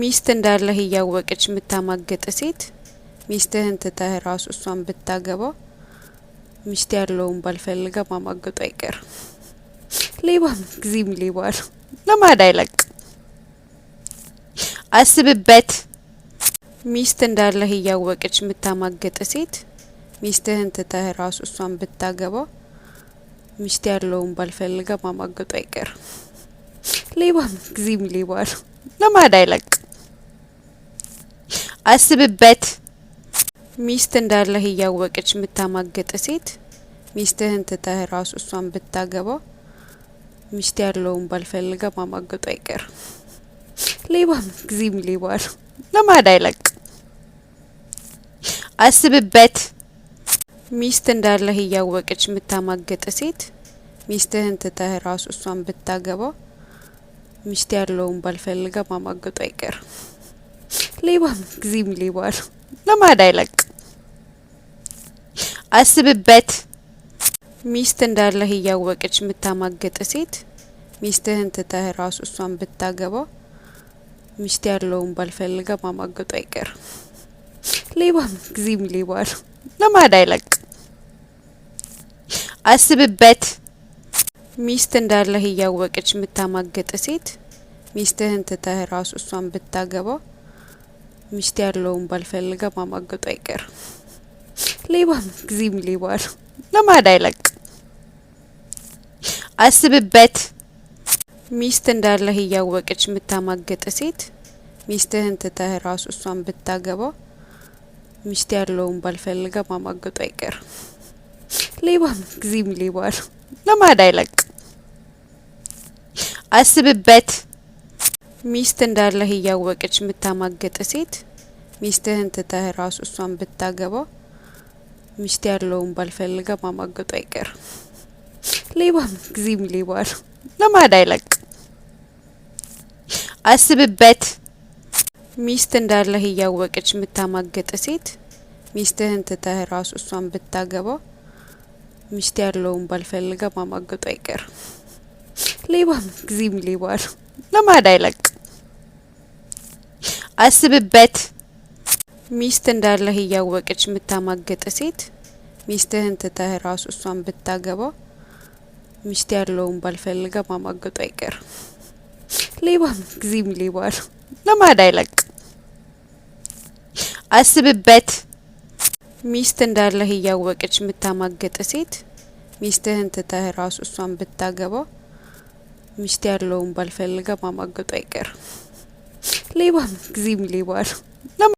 ሚስት እንዳለህ እያወቀች የምታማገጥ ሴት ሚስትህን ትተህ ራሱ እሷን ብታገባ ሚስት ያለውን ባልፈልገ ማማገጡ አይቀርም። ሌባ ጊዜም ሌባ ነው፣ ለማዳ አይለቅ አስብበት። ሚስት እንዳለህ እያወቀች የምታማገጥ ሴት ሚስትህን ትተህ ራሱ እሷን ብታገባ ሚስት ያለውን ባልፈልገ ማማገጡ አይቀርም። ሌባ ጊዜም ሌባ ነው፣ ለማዳ አይለቅ አስብበት። ሚስት እንዳለህ እያወቀች የምታማገጥ ሴት ሚስትህን ትተህ ራሱ እሷን ብታገባ ሚስት ያለውን ባልፈልገ ማማገጡ አይቀር ሌባ ጊዜም ሌባ ነው። ለማድ አይለቅ። አስብበት። ሚስት እንዳለህ እያወቀች የምታማገጥ ሴት ሚስትህን ትተህ ራሱ እሷን ብታገባ ሚስት ያለውን ባልፈልገ ማማገጡ አይቀርም። ሌባ ጊዜም ሌባ ነው። ለማዳ አይለቅ አስብበት። ሚስት እንዳለህ እያወቀች የምታማገጥ ሴት ሚስትህን ትተህ ራሱ እሷን ብታገባ ሚስት ያለውን ባልፈልገ ማማገጡ አይቀርም። ሌባ ጊዜም ሌባ ነው። ለማዳ አይለቅ አስብበት። ሚስት እንዳለህ እያወቀች የምታማገጥ ሴት ሚስትህን ትተህ ራሱ እሷን ብታገባ ሚስት ያለውን ባልፈልገ ማማገጡ አይቀር ሌባ ጊዜም ሌባ ነው። ለማድ አይለቅ አስብበት። ሚስት እንዳለህ እያወቀች የምታማገጥ ሴት ሚስትህን ትተህ ራሱ እሷን ብታገባ ሚስት ያለውን ባልፈልገ ማማገጡ አይቀር። ሌባ ጊዜም ሌባ ነው። ለማድ አይለቅ አስብበት። ሚስት እንዳለህ እያወቀች የምታማገጥ ሴት ሚስትህን ትተህ ራሱ እሷን ብታገባ ሚስት ያለውን ባልፈልገ ማማገጡ አይቀርም። ሌባ ጊዜም ሌባ ነው፣ ለማድ አይለቅ። አስብበት። ሚስት እንዳለህ እያወቀች የምታማገጥ ሴት ሚስትህን ትተህ ራሱ እሷን ብታገባ ሚስት ያለውን ባልፈልገ ማማገጡ አይቀርም። ሌባ ጊዜም ሌባ ነው፣ ለማድ አይለቅ። አስብበት። ሚስት እንዳለህ እያወቀች የምታማገጥ ሴት ሚስትህን ትተህ ራሱ እሷን ብታገባ ሚስት ያለውን ባልፈልገ ማማገጡ አይቀርም። ሌባ ጊዜም ሌባ ነው፣ ለማድ አይለቅም። አስብበት። ሚስት እንዳለህ እያወቀች የምታማገጥ ሴት ሚስትህን ትተህ ራሱ እሷን ብታገባ ሚስት ያለውን ባልፈልገ ማማገጡ አይቀርም። ሌባ ጊዜም ሌባ ነው።